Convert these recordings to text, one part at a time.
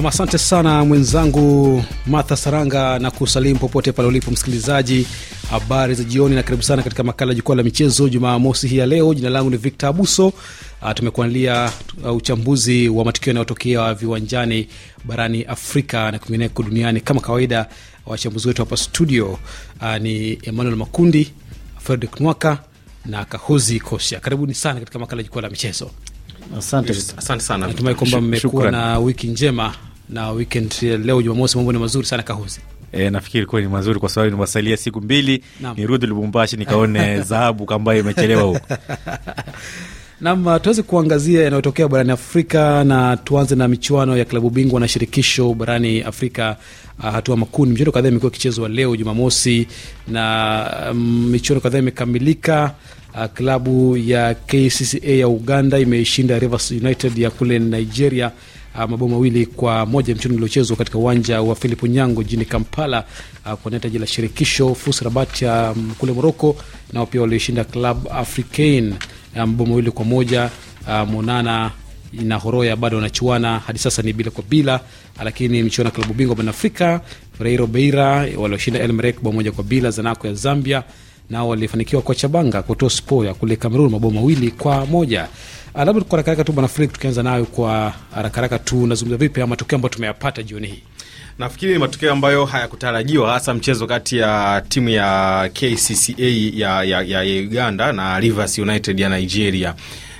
Nam, asante sana mwenzangu Martha Saranga na kusalimu popote pale ulipo msikilizaji. Habari za jioni na karibu sana katika makala ya jukwaa la michezo Jumamosi hii ya leo. Jina langu ni Victor Abuso. Ah, tumekuandalia uh, uchambuzi wa matukio yanayotokea viwanjani barani Afrika na kwingineko duniani. Kama kawaida, wachambuzi wetu hapa studio ah, ni Emmanuel Makundi, Fredrick Nwaka na Kahozi Kosha. Karibuni sana katika makala ya jukwaa la michezo. Asante, asante sana. Natumai kwamba mmekuwa na wiki njema na weekend leo Jumamosi, mambo ni mazuri sana Kahuzi. E, eh, nafikiri kuwa ni mazuri kwa sababu nimesalia siku mbili nirudi Lubumbashi nikaone dhahabu ambayo imechelewa huko. Nam, uh, tuweze kuangazia yanayotokea barani Afrika na tuanze na michuano ya klabu bingwa na shirikisho barani Afrika. Uh, hatua makuni. michuano kadhaa imekuwa ikichezwa leo Jumamosi na um, michuano kadhaa imekamilika. Uh, klabu ya KCCA ya Uganda imeishinda Rivers United ya kule Nigeria Ah, mabao mawili kwa moja mchezo uliochezwa katika uwanja wa Philip Nyango jijini Kampala uh, kwa taji la shirikisho FUS Rabat ya ah, um, kule Morocco, nao pia walishinda Club Africain mabao um, mawili kwa moja uh, Monana na Horoya bado wanachuana hadi sasa ni bila kwa bila, lakini mchuano wa klabu bingwa barani Afrika Ferreiro Beira walioshinda Elmerek bao moja kwa bila, Zanaco ya Zambia nao walifanikiwa kwa Chabanga kutoa spo ya kule Kamerun mabao mawili kwa moja. Ah, labda kwa harakaraka tu bwana Frik, tukianza nayo kwa harakaraka tu, nazungumza vipi matokeo ambayo tumeyapata jioni hii? Nafikiri ni matokeo ambayo hayakutarajiwa hasa mchezo kati ya timu ya KCCA ya, ya, ya Uganda na Rivers United ya Nigeria.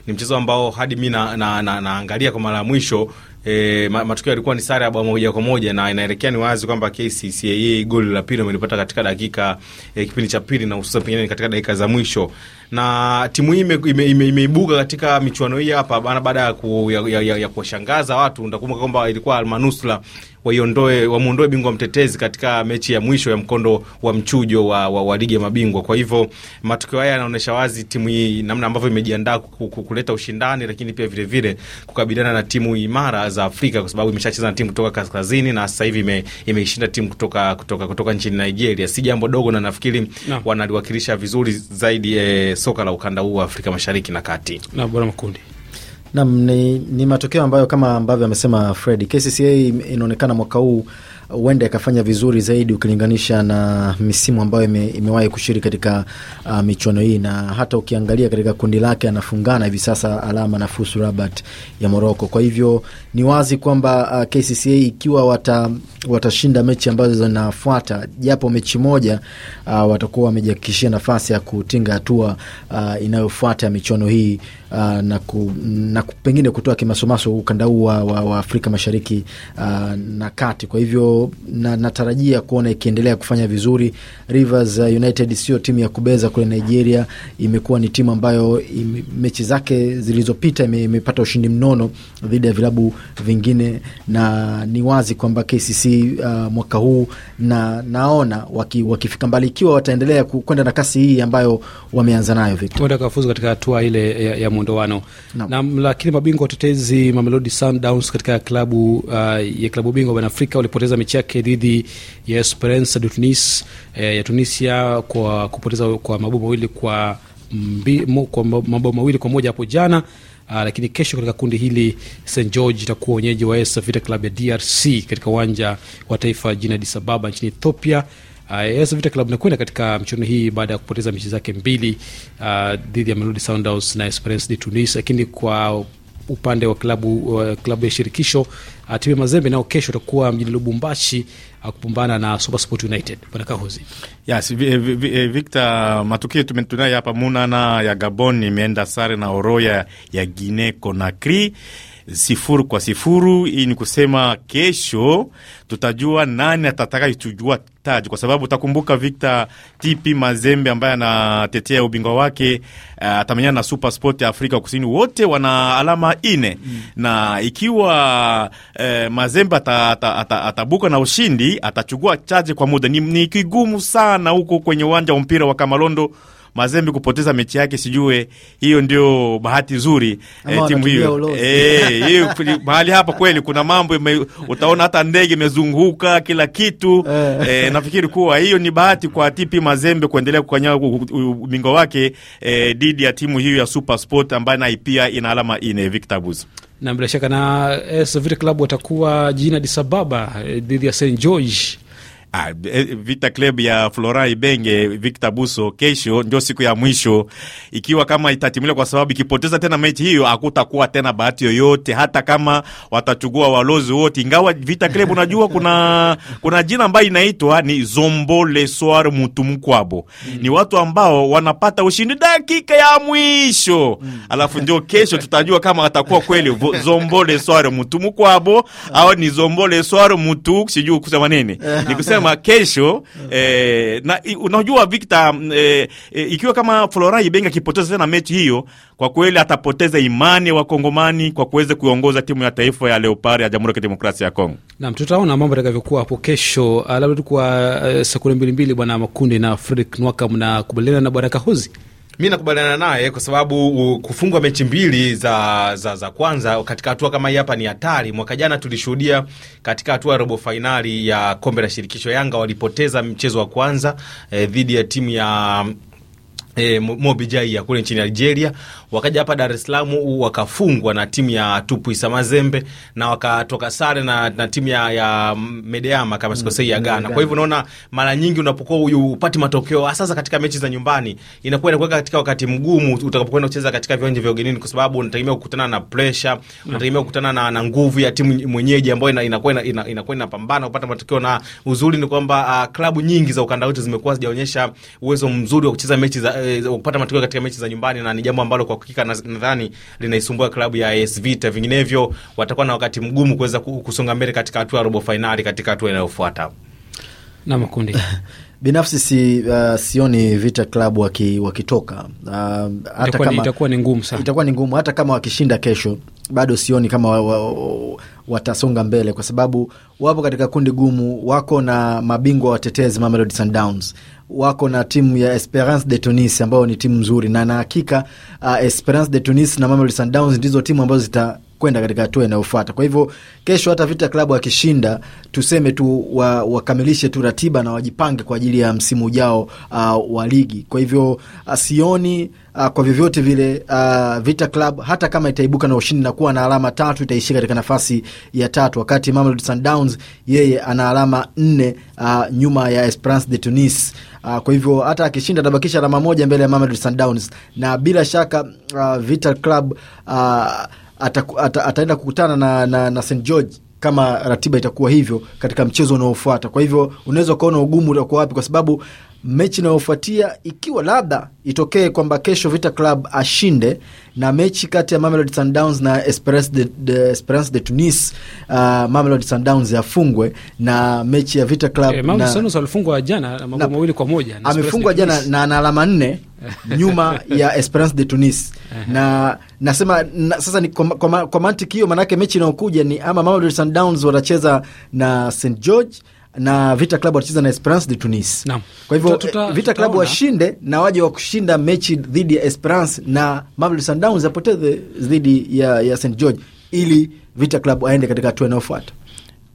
Ni mchezo ambao hadi mi naangalia na, na, na kwa mara ya mwisho e, matokeo yalikuwa ni sare ya bao moja kwa moja na inaelekea ni wazi kwamba KCCA goli la pili wamelipata katika dakika e, kipindi cha pili na hususan pengine katika dakika za mwisho, na timu hii imeibuka ime, ime, ime katika michuano hii hapa baada ya, ku, ya, ya, ya, ya kuwashangaza watu. Ndakumbuka kwamba ilikuwa almanusla waiondoe wamuondoe bingwa mtetezi katika mechi ya mwisho ya mkondo wa mchujo wa, wa, wa ligi ya mabingwa. Kwa hivyo matokeo haya yanaonyesha wazi timu hii namna ambavyo imejiandaa kuleta ushindani, lakini pia vile vile kukabiliana na timu imara za Afrika, kwa sababu imeshacheza na timu kutoka kaskazini na sasa hivi ime, imeishinda timu kutoka, kutoka, kutoka nchini Nigeria. Si jambo dogo, na nafikiri na wanaliwakilisha vizuri zaidi e, soka la ukanda huu wa Afrika Mashariki na Kati na bora makundi Nam ni, ni matokeo ambayo kama ambavyo amesema Fred, KCCA inaonekana mwaka huu huenda ikafanya vizuri zaidi ukilinganisha na misimu ambayo ime, imewahi kushiriki katika uh, michuano hii, na hata ukiangalia katika kundi lake anafungana hivi sasa alama na FUS Rabat ya moroko Kwa hivyo ni wazi kwamba uh, KCCA ikiwa wata, watashinda mechi ambazo zinafuata japo mechi moja uh, watakuwa wamejiakikishia nafasi ya kutinga hatua uh, inayofuata ya michuano hii uh, na, ku, na pengine kutoa kimasomaso ukanda huu wa, wa, wa Afrika Mashariki uh, na kati. Kwa hivyo na, natarajia kuona ikiendelea kufanya vizuri. Rivers uh, United sio timu ya kubeza kule Nigeria, imekuwa ni timu ambayo mechi zake zilizopita imepata ushindi mnono dhidi ya vilabu vingine, na ni wazi kwamba KCC uh, mwaka huu na naona waki, wakifika mbali ikiwa wataendelea kwenda na kasi hii ambayo wameanza nayo, Victor kufuzu katika hatua ile ya, ya mwondowano no. na lakini mabingwa watetezi Mamelodi Sundowns katika klabu uh, ya klabu bingwa barani Afrika walipoteza mechi chake dhidi ya Esperance de Tunis eh, ya Tunisia kwa kupoteza kwa mabao mawili kwa mbi, mo, kwa mabao mawili kwa moja hapo jana. Uh, lakini kesho katika kundi hili St George itakuwa wenyeji wa AS Vita Club ya DRC katika uwanja wa taifa jijini Addis Ababa nchini Ethiopia. AS ah, Vita Club inakwenda katika mchuano hii baada ya kupoteza mechi zake mbili uh, dhidi ya Mamelodi Sundowns na Esperance de Tunis, lakini kwa upande wa klabu, uh, klabu ya shirikisho uh, timu ya Mazembe nao kesho itakuwa mjini Lubumbashi uh, kupambana na Super Sport United. Bwana Kahozi. Yes, eh, Victor, matukio tunayo hapa Munana ya Gabon imeenda sare na Oroya ya Guinea Conakry sifuru kwa sifuru. Hii ni kusema kesho tutajua nani atataka tujua taji, kwa sababu utakumbuka Victor TP Mazembe ambaye anatetea ubingwa wake uh, atamenyana na Super Sport ya Afrika Kusini, wote wana alama ine mm. na ikiwa uh, Mazembe atabuka ata, ata, ata na ushindi atachukua taji kwa muda. Ni, ni kigumu sana huko kwenye uwanja wa mpira wa Kamalondo Mazembe kupoteza mechi yake, sijue hiyo ndio bahati nzuri eh, timu hiyo eh, mahali hapa kweli kuna mambo ime, utaona hata ndege imezunguka kila kitu eh, eh nafikiri kuwa hiyo ni bahati kwa TP Mazembe kuendelea kukanyaga ubingwa wake eh, dhidi ya timu hiyo ya Super Sport ambayo nayo pia ina alama ine Victor Bus na bila shaka na AS Vita Club watakuwa jijini Addis Ababa dhidi ya St George Ah, e, Vita Club ya Flora Ibenge Victor Buso, kesho ndio siku ya mwisho, ikiwa kama itatimilika, kwa sababu ikipoteza tena mechi hiyo hakutakuwa tena bahati yoyote, hata kama watachugua walozi wote. Ingawa Vita Club unajua, kuna kuna jina ambayo inaitwa ni Zombo le soir Mutumkwabo mm. ni watu ambao wanapata ushindi dakika ya mwisho mm. alafu ndio kesho tutajua kama atakuwa kweli Zombo le soir Mutumkwabo au ni Zombo le soir Mutu, sijui kusema nini ni kusema mapema kesho eh, na unajua Victor mm, eh, eh, ikiwa kama Florent Ibenge akipoteza tena mechi hiyo, kwa kweli atapoteza imani ya wakongomani kwa kuweza kuiongoza timu ya taifa ya Leopard ya Jamhuri ya Kidemokrasia ya Kongo. Naam, tutaona mambo atakavyokuwa hapo kesho. Ah, labda tu kwa uh, sekunde mbili mbili, bwana Makundi na Fredrick Nwaka, mnakubaliana na Bwana Kahozi? Mi nakubaliana naye kwa sababu kufungwa mechi mbili za, za, za kwanza katika hatua kama hii hapa ni hatari. Mwaka jana tulishuhudia katika hatua ya robo fainali ya kombe la shirikisho, Yanga walipoteza mchezo wa kwanza eh, dhidi ya timu ya E, eh, Mobijai ya kule nchini Algeria wakaja hapa Dar es Salaam wakafungwa na timu ya Tupuisa Mazembe na wakatoka sare na, na timu ya, ya Medeama kama sikosei ya mm, Ghana. Kwa hivyo unaona mara nyingi unapokuwa huyu upati matokeo hasa katika mechi za nyumbani, inakuwa inakuweka katika wakati mgumu utakapokwenda kucheza katika viwanja vya ugenini, kwa sababu unategemea kukutana na presha, unategemea kukutana na, na nguvu ya timu mwenyeji ambayo inakuwa ina, ina, ina, inapambana kupata matokeo, na uzuri ni kwamba uh, klabu nyingi za ukanda wetu zimekuwa zijaonyesha uwezo mzuri wa kucheza mechi za uh, kupata matokeo katika mechi za nyumbani na ni jambo ambalo kwa hakika nadhani linaisumbua klabu ya AS Vita, vinginevyo watakuwa na wakati mgumu kuweza kusonga mbele katika hatua ya robo fainali katika hatua inayofuata na makundi binafsi si, uh, sioni Vita Club waki, wakitoka uh, itakuwa ni ngumu sana, itakuwa ni ngumu hata kama wakishinda kesho bado sioni kama wa, wa, wa, watasonga mbele kwa sababu wapo katika kundi gumu, wako na mabingwa watetezi Mamelodi Sundowns, wako na timu ya Esperance de Tunis ambayo ni timu nzuri na na hakika uh, Esperance de Tunis na Mamelodi Sundowns ndizo timu ambazo zita kwenda katika hatua inayofuata. Kwa hivyo kesho hata Vita Klabu akishinda, tuseme tu wa, wakamilishe tu ratiba na wajipange kwa ajili ya msimu ujao uh, wa ligi. Kwa hivyo uh, sioni uh, kwa vyovyote vile uh, Vita Club hata kama itaibuka na ushindi na kuwa na alama tatu itaishia katika nafasi ya tatu, wakati Mamelodi Sundowns yeye ana alama nne uh, nyuma ya Esperance de Tunis. Uh, kwa hivyo hata akishinda atabakisha alama moja mbele ya Mamelodi Sundowns na bila shaka uh, Vita Club uh, ataenda ata, ataenda kukutana na, na, na St George kama ratiba itakuwa hivyo katika mchezo unaofuata. Kwa hivyo unaweza ukaona ugumu utakuwa wapi, kwa sababu mechi inayofuatia ikiwa labda itokee kwamba kesho Vita Club ashinde na mechi kati ya Mamelodi Sundowns na Esperance de, de, Esperance de Tunis uh, Mamelodi Sundowns yafungwe na mechi ya Vita Club e, na, alifungwa jana mabao mawili kwa moja amefungwa jana na ana alama nne nyuma ya Esperance de Tunis na nasema na, sasa ni kwa, kwa, kwa mantiki hiyo, maanake mechi inayokuja ni ama Mamelodi Sundowns watacheza na St George na Vita Club watacheza na Esperance de Tunis. Kwa hivyo Vita Club washinde na waje wa kushinda mechi dhidi ya Esperance na Mamelodi Sundowns apoteze dhidi ya, ya St George ili Vita Club aende katika hatua inayofuata.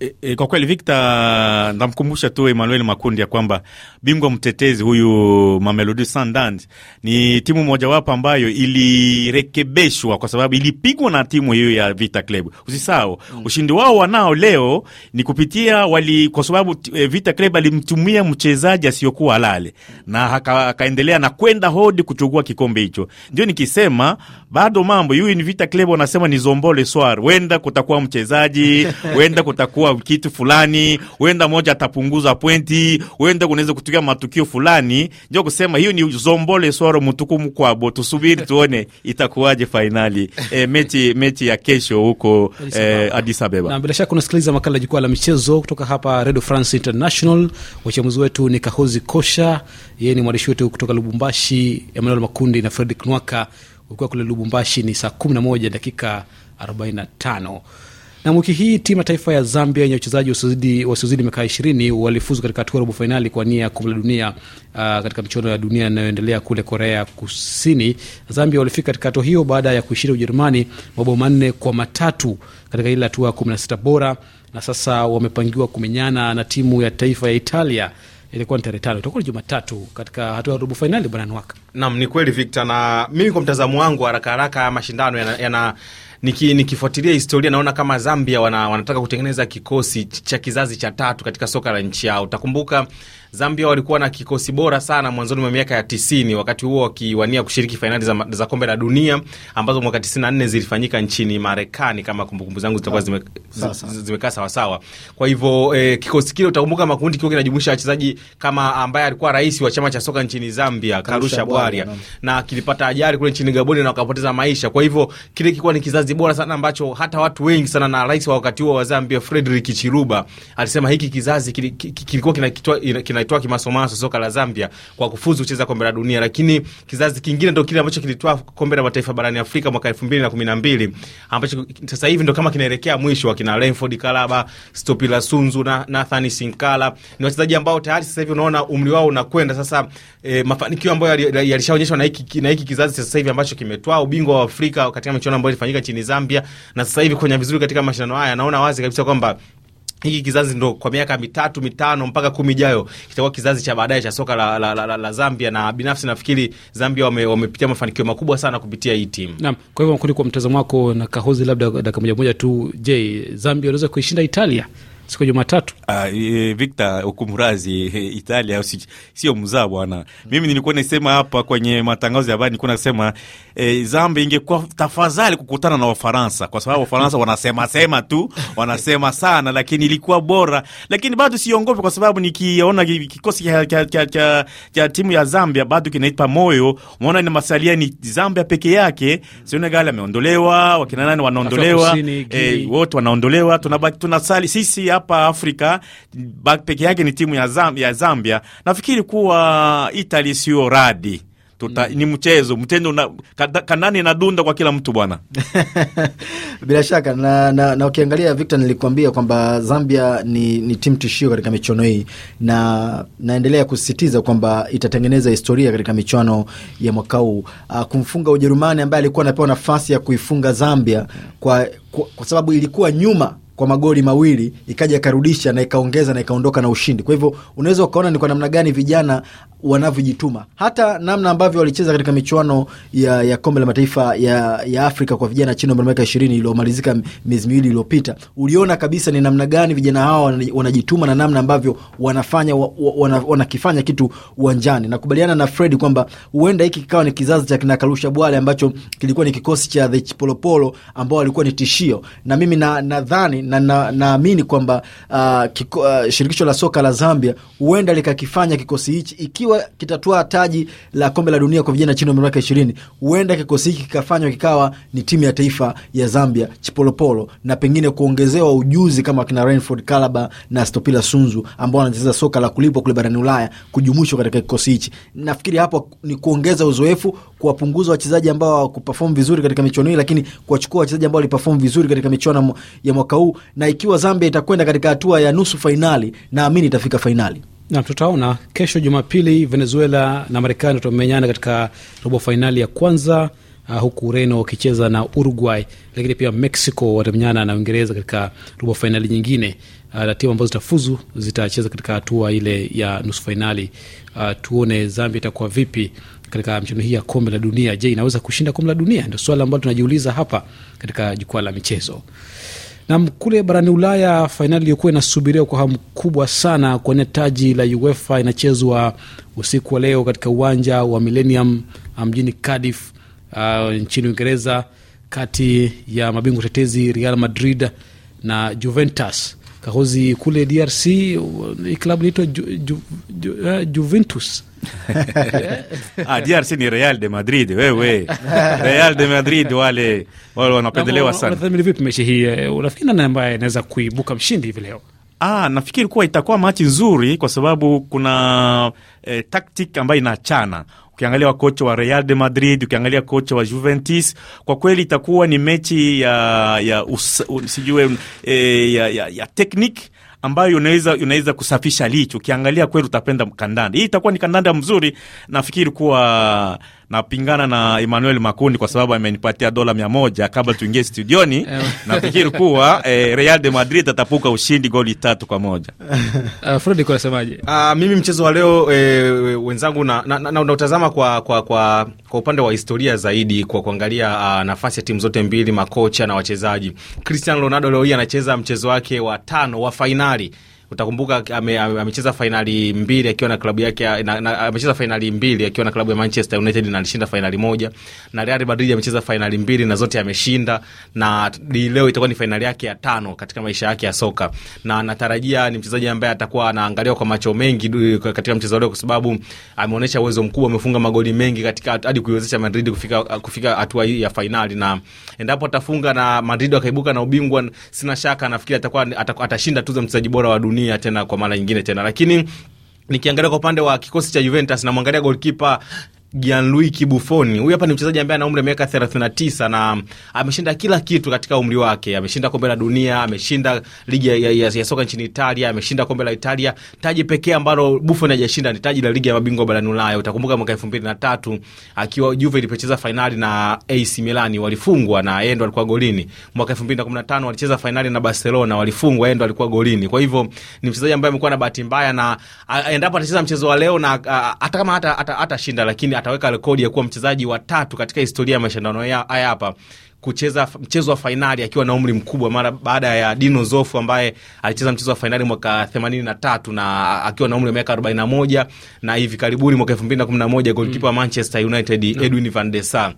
E, e, kwa kweli Victor, namkumbusha tu Emmanuel Makundi ya kwamba bingwa mtetezi huyu Mamelodi Sundowns ni timu mojawapo ambayo ilirekebeshwa kwa sababu ilipigwa na timu hiyo ya Vita Club. Usisahau mm. ushindi wao wanao leo ni kupitia wali, kwa sababu e, eh, Vita Club alimtumia mchezaji asiyokuwa halali na akaendelea na kwenda hodi kuchukua kikombe hicho. Ndio nikisema bado mambo huyu ni Vita Club, wanasema ni zombole swar, wenda kutakuwa mchezaji wenda kutakuwa kitu fulani, wenda moja atapunguza pointi, wenda kunaweza kutukia matukio fulani. Ndio kusema hiyo ni zombole swaro mtukumu kwabo. Tusubiri tuone itakuwaje fainali e, eh, mechi mechi ya kesho huko e, Addis Ababa. Na bila shaka unasikiliza makala jukwaa la michezo kutoka hapa Radio France International. Wachambuzi wetu ni Kahozi Kosha, yeye ni mwandishi wetu kutoka Lubumbashi, Emmanuel Makundi na Fredrick Nwaka. Ukiwa kule Lubumbashi ni saa 11 dakika 45. Na wiki hii timu ya taifa ya Zambia yenye wachezaji wasiozidi miaka ishirini walifuzu katika hatua robo fainali kwa nia ya kombe la dunia uh, katika michuano ya dunia inayoendelea kule Korea Kusini. Zambia walifika katika hatua hiyo baada ya kuishinda Ujerumani mabao manne kwa matatu katika ile hatua kumi na sita bora, na sasa wamepangiwa kumenyana na timu ya taifa ya Italia ilikuwa ni tarehe tano, itakuwa ni Jumatatu katika hatua ya robo fainali. Bwana Nwaka, naam, ni kweli Victor, na mimi kwa mtazamo wangu haraka haraka mashindano yana, yana niki, nikifuatilia historia naona kama Zambia wana, wanataka kutengeneza kikosi cha kizazi cha tatu katika soka la nchi yao. Utakumbuka Zambia walikuwa na kikosi bora sana mwanzoni mwa miaka ya tisini, wakati huo wakiwania kushiriki fainali za, za kombe la dunia ambazo mwaka tisini na nne zilifanyika nchini Marekani kama kumbukumbu zangu zitakuwa zimekaa zime, zime, sawasawa. Kwa hivyo eh, kikosi kile utakumbuka makundi kiwa kinajumuisha wachezaji kama ambaye alikuwa rais wa chama cha soka nchini Zambia Karusha Bwaria, na kilipata ajali kule nchini Gaboni na wakapoteza maisha. Kwa hivyo kile kikuwa ni kizazi bora sana ambacho hata watu wengi sana, na rais wa wakati huo wa Zambia fredrik Chiruba alisema hiki kizazi kilikuwa kina waitwaa kimasomaso soka la Zambia kwa kufuzu kucheza kombe la dunia, lakini kizazi kingine ndio kile ambacho kilitoa kombe la mataifa barani Afrika mwaka 2012 ambacho sasa hivi ndio kama kinaelekea mwisho, wakina Renford Kalaba, Stopila Sunzu na Nathan Sinkala ni wachezaji ambao tayari sasa hivi unaona umri wao unakwenda sasa. E, mafanikio ambayo yalishaonyeshwa na hiki na hiki kizazi sasa hivi ambacho kimetwaa ubingwa wa Afrika katika michuano ambayo ilifanyika nchini Zambia na sasa hivi kwenye vizuri katika mashindano haya, naona wazi kabisa kwamba hiki kizazi ndo kwa miaka mitatu mitano mpaka kumi ijayo kitakuwa kizazi cha baadaye cha soka la, la, la, la Zambia, na binafsi nafikiri Zambia wame, wamepitia mafanikio makubwa sana kupitia hii timu. Naam, kwa hivyo kwa mtazamo wako na Kahozi, labda dakika moja moja tu, je, Zambia unaweza kuishinda Italia? siku ya Jumatatu. Uh, e, Victor e, Italia sio mzaa bwana. Mimi nilikuwa nasema hapa kwenye matangazo ya habari, nilikuwa nasema e, Zambia ingekuwa tafadhali kukutana na Wafaransa kwa sababu Wafaransa wanasema sema tu wanasema sana, lakini ilikuwa bora, lakini bado siongopi kwa sababu nikiona kikosi cha timu ya Zambia bado kinaipa moyo. Unaona ni masalia ni Zambia peke yake, Senegal ameondolewa, wakina nani wanaondolewa, eh, wote wanaondolewa, tunabaki tunasali sisi hapa Afrika peke yake ni timu ya Zambia, ya Zambia. Nafikiri kuwa itali sio radi Tuta, mm. Ni mchezo mtendo na, kanani inadunda kwa kila mtu bwana bila shaka na, na, na ukiangalia Victor, nilikuambia kwamba Zambia ni, ni timu tishio katika michuano hii, na naendelea kusisitiza kwamba itatengeneza historia katika michuano ya mwaka huu ah, kumfunga Ujerumani ambaye alikuwa anapewa nafasi ya kuifunga Zambia kwa, kwa, kwa sababu ilikuwa nyuma kwa magoli mawili ikaja ikarudisha na ikaongeza na ikaondoka na ushindi. Kwa hivyo unaweza ukaona ni kwa namna gani vijana wanavyojituma, hata namna ambavyo walicheza katika michuano ya, ya kombe la mataifa ya, ya Afrika kwa vijana chini ya miaka ishirini iliyomalizika miezi miwili iliyopita, uliona kabisa ni namna gani vijana hawa wanajituma na namna ambavyo wanafanya wanakifanya wana kitu uwanjani. Nakubaliana na Fred kwamba huenda hiki kikawa ni kizazi cha kina Kalusha Bwale ambacho kilikuwa ni kikosi cha the Chipolopolo ambao walikuwa ni tishio, na mimi nadhani na na naamini na kwamba uh, kiko, uh, shirikisho la soka la Zambia huenda likakifanya kikosi hichi ikiwa kitatwaa taji la kombe la dunia kwa vijana chini ya umri wa miaka ishirini, huenda kikosi hiki kikafanywa kikawa ni timu ya taifa ya Zambia chipolopolo, na pengine kuongezewa ujuzi kama kina Rainford Kalaba na Stopila Sunzu ambao wanacheza soka la kulipwa kule barani Ulaya kujumuishwa katika kikosi hichi. Nafikiri hapo ni kuongeza uzoefu, kuwapunguza wachezaji ambao hawakuperform vizuri katika michuano hii, lakini kuwachukua wachezaji ambao waliperform vizuri katika michuano ya mwaka huu na ikiwa Zambia itakwenda katika hatua ya nusu fainali, naamini itafika fainali na tutaona kesho Jumapili, Venezuela na Marekani tutamenyana katika robo fainali ya kwanza, uh, huku Ureno wakicheza na Uruguay, lakini pia Mexico watamenyana na Uingereza katika robo fainali nyingine, uh, na timu ambazo zitafuzu zitacheza katika hatua ile ya nusu fainali. Uh, tuone Zambia itakuwa vipi katika michuano hii ya kombe la dunia. Je, inaweza kushinda kombe la dunia? Ndio swala ambalo tunajiuliza hapa katika jukwaa la michezo. Nam, kule barani Ulaya, fainali iliyokuwa inasubiriwa kwa hamu kubwa sana kwenye taji la UEFA inachezwa usiku wa leo katika uwanja wa Millennium ah, mjini Cardiff, uh, nchini Uingereza, kati ya mabingwa tetezi Real Madrid na Juventus. Kahozi kule DRC klabu naitwa Ju, Ju, uh, Juventus ah, DRC ni Real de Madrid. Wewe Real de Madrid wale wale wanapendelewa sana. vipi mechi hii? Eh, unafikiri nani ambaye anaweza kuibuka mshindi hivi leo? Ah, nafikiri kuwa itakuwa machi nzuri kwa sababu kuna eh, tactic ambayo inachana ukiangalia kocha wa Real de Madrid, ukiangalia kocha wa Juventus, kwa kweli itakuwa ni mechi ya, ya, us, sijue, eh, ya, ya, ya tekniki ambayo unaweza unaweza kusafisha licho. Ukiangalia kweli utapenda kandanda. Hii itakuwa ni kandanda mzuri. Nafikiri kuwa napingana na Emmanuel Makundi kwa sababu amenipatia dola mia moja kabla tuingie studioni. Eh. Nafikiri kuwa eh, Real de Madrid atapuka ushindi goli tatu kwa moja. Uh, Fredi unasemaje? Uh, mimi mchezo wa leo eh, wenzangu na, na, na, na, na utazama kwa, kwa, kwa kwa upande wa historia zaidi, kwa kuangalia uh, nafasi ya timu zote mbili, makocha na wachezaji. Cristiano Ronaldo leo hii anacheza mchezo wake wa tano wa fainali Utakumbuka amecheza ame fainali mbili akiwa na klabu yake, amecheza ya, fainali mbili akiwa na klabu ya Manchester United na alishinda fainali moja, na Real Madrid amecheza fainali mbili na zote ameshinda, na leo itakuwa ni fainali yake ya tano katika maisha yake ya soka, na natarajia ni mchezaji ambaye atakuwa anaangaliwa kwa macho mengi katika mchezo leo, kwa sababu ameonyesha uwezo mkubwa, amefunga magoli mengi katika hadi kuiwezesha Madrid kufika kufika hatua hii ya fainali, na endapo atafunga na Madrid akaibuka na ubingwa, sina shaka nafikiri atakuwa atashinda tuzo mchezaji bora wa dunia dunia tena kwa mara nyingine tena, lakini nikiangalia kwa upande wa kikosi cha Juventus, namwangalia golkipa Gianluigi Buffon. Huyu hapa ni mchezaji ambaye ana umri wa miaka 39 na ameshinda kila kitu katika umri wake. Ameshinda kombe la dunia, ameshinda ligi ya, ya, ya, ya soka nchini Italia, ameshinda kombe la Italia. Taji pekee ambalo Buffon hajashinda ni taji la ligi ya mabingwa barani Ulaya. Utakumbuka mwaka 2003 akiwa Juve ilipocheza fainali na AC Milan walifungwa na yeye ndo alikuwa golini. Mwaka 2015 walicheza fainali na Barcelona walifungwa, yeye ndo alikuwa golini. Kwa hivyo ni mchezaji ambaye amekuwa na bahati mbaya na endapo atacheza mchezo wa leo na hata kama hata atashinda lakini ataweka rekodi ya kuwa mchezaji wa tatu katika historia ya mashindano haya hapa kucheza mchezo wa fainali akiwa na umri mkubwa, mara baada ya Dino Zofu ambaye alicheza mchezo wa fainali mwaka 83 na akiwa na umri wa miaka 41 na hivi karibuni mwaka 2011 golikipa wa Manchester United Edwin van der Sar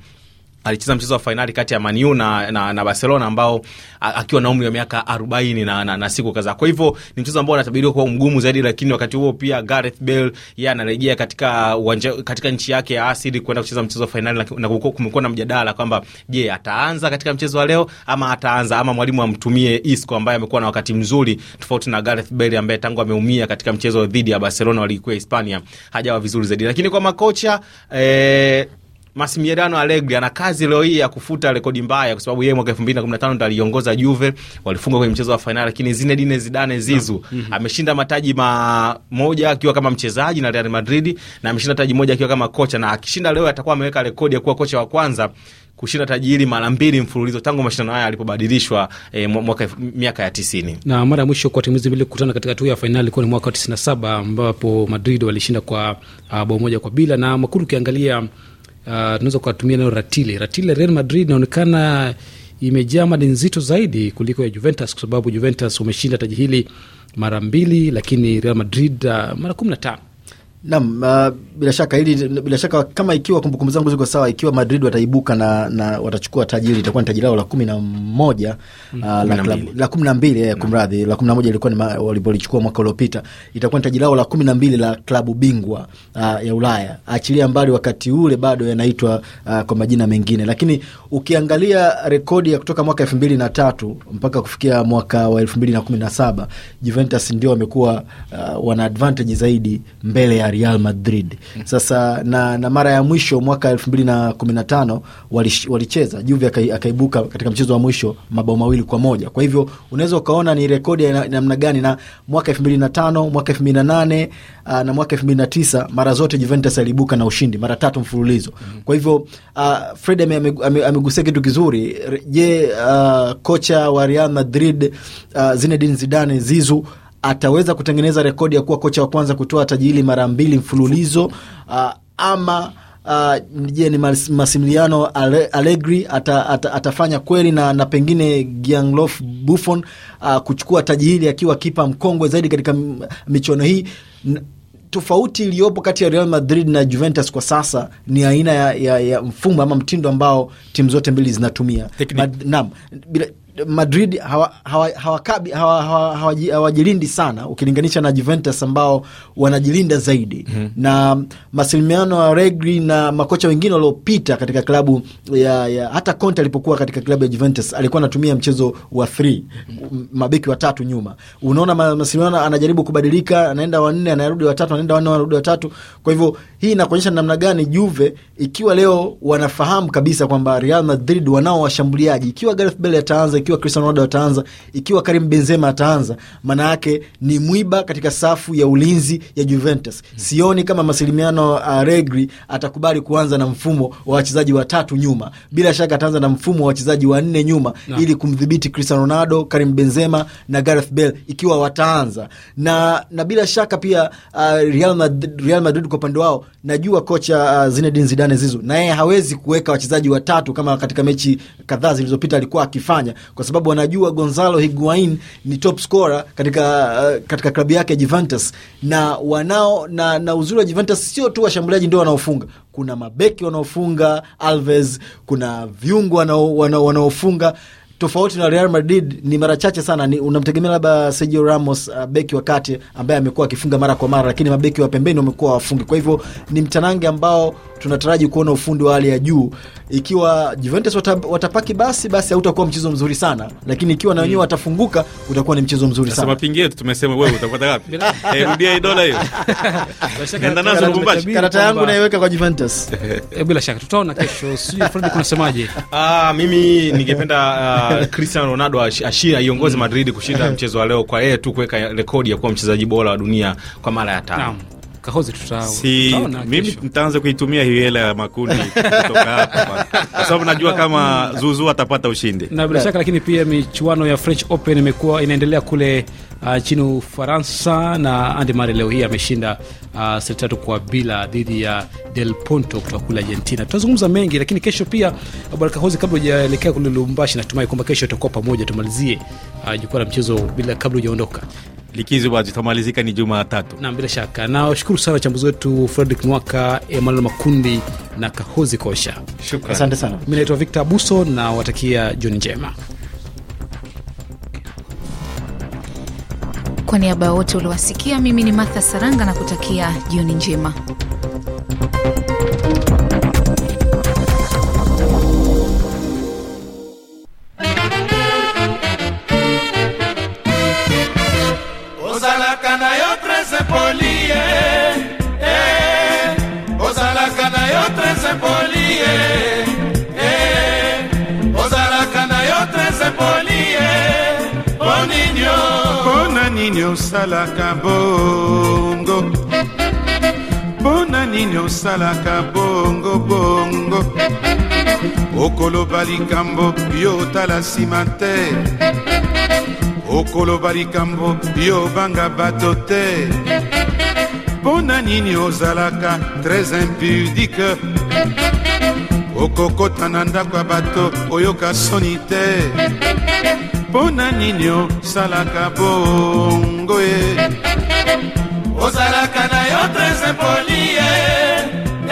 alicheza mchezo wa fainali kati ya Manu na, na, na Barcelona ambao akiwa na umri wa miaka arobaini na, na, na siku kadhaa. Kwa hivyo ni mchezo ambao anatabiriwa kuwa mgumu zaidi, lakini wakati huo pia Gareth Bale yeye anarejea katika uwanja, katika nchi yake ya asili kwenda kucheza mchezo wa fainali, na kumekuwa na mjadala kwamba je, ataanza katika mchezo wa leo ama ataanza ama mwalimu amtumie Isco ambaye amekuwa na wakati mzuri tofauti na Gareth Bale ambaye tangu ameumia katika mchezo dhidi ya Barcelona walikuwa Hispania hajawa vizuri zaidi, lakini kwa makocha eh, Massimiliano Allegri ana kazi leo hii ya kufuta rekodi mbaya, kwa sababu yeye mwaka elfu mbili na na kumi tano ndo aliongoza Juve, walifungwa kwenye mchezo wa fainali, lakini Zinedine Zidane Zizu mm -hmm. ameshinda mataji mamoja akiwa kama mchezaji na Real Madrid na ameshinda taji moja akiwa kama kocha, na akishinda leo atakuwa ameweka rekodi ya kuwa kocha wa kwanza kushinda taji hili mara mbili mfululizo tangu mashindano haya yalipobadilishwa e, mwaka miaka ya tisini. Na mara ya mwisho kwa timu hizi mbili kukutana katika hatua ya fainali ilikuwa ni mwaka wa tisini na saba ambapo Madrid walishinda kwa ah, bao moja kwa bila, na makuru ukiangalia Ah, tunaweza kuwatumia nayo ratili ratili Real Madrid inaonekana imejaa mali nzito zaidi kuliko ya Juventus kwa sababu Juventus umeshinda taji hili mara mbili, lakini Real Madrid uh, mara kumi na tano nam uh, ah, bila shaka hili, bila shaka kama ikiwa kumbukumbu zangu ziko sawa, ikiwa Madrid wataibuka na, na watachukua taji hili itakuwa ni taji lao la kumi na moja uh, la kumi na mbili eh, mm. kumradhi, la kumi na moja ilikuwa ni walipolichukua mwaka uliopita, itakuwa ni taji lao la kumi na mbili la klabu bingwa uh, ya Ulaya, achilia mbali wakati ule bado yanaitwa uh, kwa majina mengine, lakini ukiangalia rekodi ya kutoka mwaka elfu mbili na tatu mpaka kufikia mwaka wa elfu mbili na kumi na saba Juventus ndio wamekuwa uh, wana advantage zaidi mbele ya Real Madrid. Sasa na, na mara ya mwisho mwaka elfu mbili na kumi na tano walicheza wali Juve akaibuka katika mchezo wa mwisho mabao mawili kwa moja. Kwa hivyo unaweza ukaona ni rekodi ya namna gani, na mwaka elfu mbili na tano mwaka elfu mbili na nane ah, na mwaka elfu mbili na tisa mara zote Juventus aliibuka na ushindi mara tatu mfululizo. Kwa hivyo uh, Fred amegusia kitu kizuri. Je, uh, kocha wa Real Madrid uh, Zinedine Zidane Zizu ataweza kutengeneza rekodi ya kuwa kocha wa kwanza kutoa taji hili mara mbili mfululizo uh, ama Uh, je, ni Masimiliano Allegri ata, ata, atafanya kweli na, na pengine Gianluigi Buffon uh, kuchukua taji hili akiwa kipa mkongwe zaidi katika michuano hii. Tofauti iliyopo kati ya Real Madrid na Juventus kwa sasa ni aina ya, ya, ya mfumo ama mtindo ambao timu zote mbili zinatumia. Naam, Madrid hawajilindi hawa, hawa, hawa, hawa, hawa, hawa sana ukilinganisha na Juventus ambao wanajilinda zaidi mm -hmm. na Massimiliano Allegri na makocha wengine waliopita katika klabu ya, ya, hata Conte alipokuwa katika klabu ya Juventus alikuwa anatumia mchezo wa 3 mm -hmm. mabeki watatu nyuma. Unaona Massimiliano anajaribu kubadilika, anaenda wanne, anarudi watatu, anaenda wanne, anarudi watatu. Kwa hivyo hii inakuonyesha namna gani Juve ikiwa leo wanafahamu kabisa kwamba Real Madrid wanao washambuliaji, ikiwa Gareth Bale ataanza ikiwa Cristiano Ronaldo ataanza, ikiwa Karim Benzema ataanza, maana yake ni mwiba katika safu ya ulinzi ya Juventus. Sioni kama Massimiliano Allegri atakubali kuanza na mfumo wa wachezaji watatu nyuma. Bila shaka ataanza na mfumo wa wachezaji wanne nyuma na, ili kumdhibiti Cristiano Ronaldo, Karim Benzema na Gareth Bale ikiwa wataanza na, na bila shaka pia uh, Real Madrid, Real Madrid kwa upande wao najua kocha uh, Zinedine Zidane Zizou na yeye hawezi kuweka wachezaji watatu kama katika mechi kadhaa zilizopita alikuwa akifanya kwa sababu wanajua Gonzalo Higuain ni top scorer katika, uh, katika klabu yake ya Juventus na wanao na, na uzuri wa Juventus sio tu washambuliaji ndio wanaofunga kuna mabeki wanaofunga Alves, kuna viungo wanaofunga tofauti na Real Madrid ni mara chache sana ni unamtegemea labda Sergio Ramos uh, beki wa kati ambaye amekuwa akifunga mara kwa mara, lakini mabeki wa pembeni wamekuwa wafungi. Kwa hivyo ni mtanange ambao tunataraji kuona ufundi wa hali ya juu. Ikiwa Juventus watap, watapaki basi basi hautakuwa mchezo mzuri sana, lakini ikiwa na wenyewe mm, watafunguka utakuwa ni mchezo mzuri sana. Mapingi yetu tumesema wewe utapata wapi? Eh, rudia hii dola hiyo, nenda nazo Lubumbashi. Karata yangu naiweka kwa Juventus. Eh, bila shaka tutaona kesho, sijui Fred kunasemaje? Ah, mimi ningependa uh, Cristiano Ronaldo ashia iongoze mm. Madrid kushinda mchezo wa leo kwa yeye tu kuweka rekodi ya kuwa mchezaji bora wa dunia kwa mara ya tano. Si, mimi nitaanza kuitumia hiyo hela ya makundi kutoka hapa kwa sababu najua kama mm. Zuzu atapata ushindi. Na bila shaka, lakini pia michuano ya French Open imekuwa inaendelea kule Ah, nchini uh, Ufaransa na Andemare leo hii ameshinda uh, ah, seti tatu kwa bila dhidi ya Del Ponto kutoka kule Argentina. Tutazungumza mengi, lakini kesho pia, Bwana Kahozi, kabla hujaelekea kule Lubumbashi, natumai kwamba kesho tutakuwa pamoja tumalizie uh, jukwaa la mchezo bila kabla hujaondoka likizo basi tamalizika ni Jumatatu. Naam, bila shaka nawashukuru sana wachambuzi wetu Fredrick Nwaka, Emmanuel Makundi na Kahozi Kosha. Asante sana. Mi naitwa Victor Abuso na watakia jioni njema. Kwa niaba ya wote uliwasikia, mimi ni Martha Saranga na kutakia jioni njema. nini osalaka bongo mpona nini osalaka bongo bongo okoloba likambo yo otala nsima te okoloba likambo yo obanga bato te mpona nini ozalaka tres impudike okokota na ndako ya bato oyoka soni te mpo na nini osalaka bongo ye ozalaka na yo trese poli ye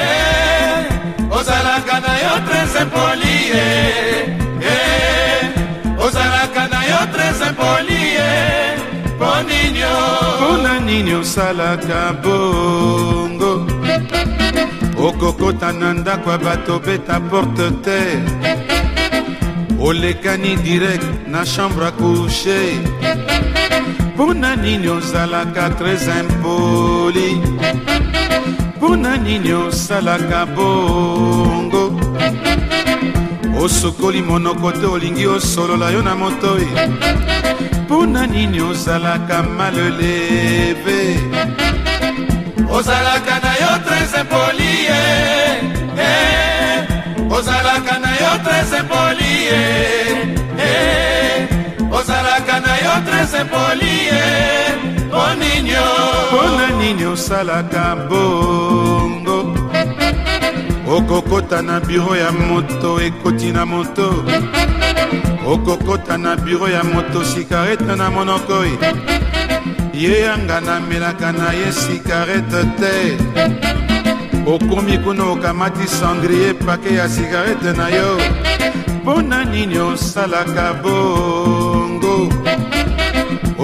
e, ozalaka na yo trese poli ye e, ozalaka na yo trese poli ye mpo nini mpo na nini osalaka bongo okokota na ndako ya bato beta porte terre olekani direct na chambre akouche mpo na nini ozalaka tres impoli mpo na nini osalaka bongo osokoli monoko te olingi osolola yo na motoi mpo na nini ozalaka maleleve ozalaka na yo tres impoli eh, eh, ozalaka yo trese polie eh, ozalaka na yo trese polie poninio mpona nini osalaka bongo okokota na biro ya moto ekoti na moto okokota na biro ya moto sikarete na monoko ye yanga namelaka na ye sikarete te okomi kuna okamati sandrie pake ya sigarete na yo mpo na nini osalaka bongo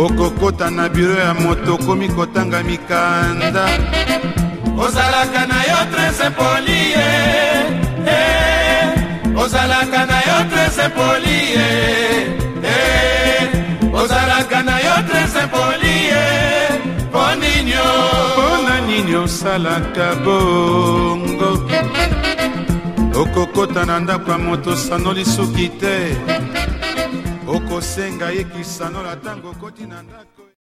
okokota na biro ya moto okomi kotanga mikanda ozalaka na yo trese polie eh, ozalaka na yo trese polie eh, ozalaka na yo trese polie nini mpona nini osalaka bongo okokota na ndako ya moto sanoli suki te okosenga ye kisanola ntango okoti na ndako